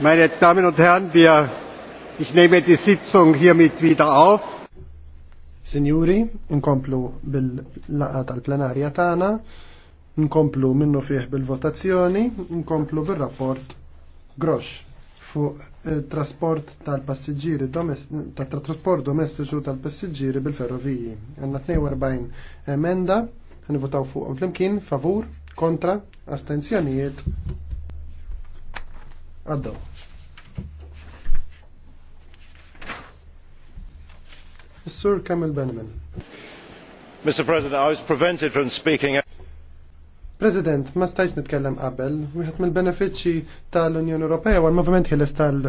Meine Damen und Herren, wir, ich nehme die Sitzung hiermit wieder auf. Signori, inkomplu bil-laqa tal-plenarja tagħna, nkomplu minnu fih bil-votazzjoni, nkomplu bil-rapport Grosh fuq eh, trasport tal-passiġġieri tal trasport domestiku tal-passiġġieri bil-ferroviji. Għandna 42 emenda, ħanivutaw fuqhom flimkien favur, kontra, astenzjonijiet Għaddaw. Mr. Kamel Benman. Mr. President, I was prevented from speaking. President, ma stajx nitkellem qabel, wieħed mill-benefiċċji tal-Unjoni Ewropea u l-Movement ħieles tal